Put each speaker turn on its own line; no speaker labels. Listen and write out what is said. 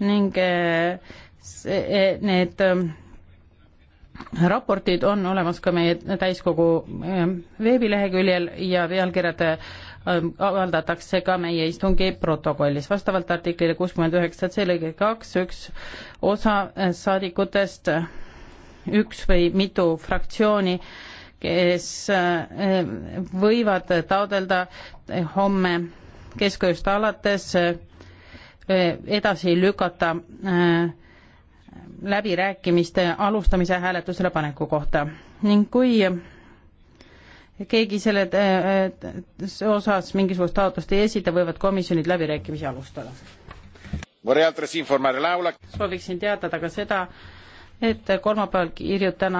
ning eh, eh, need eh, raportid on olemas ka meie täiskogu veebileheküljel ja pealkirjad avaldatakse ka meie istungi protokollis. vastavalt artiklile kuuskümmend üheksa, see lõige kaks, üks osa saadikutest, üks või mitu fraktsiooni, kes võivad taodelda homme keskööst alates Äh, edasi lükata äh, läbirääkimiste alustamise hääletusele paneku kohta ning kui keegi selle äh, osas mingisugust taotlust ei esita, võivad komisjonid läbirääkimisi alustada.
sooviksin teatada ka seda,
et
kolmapäeval kirjutan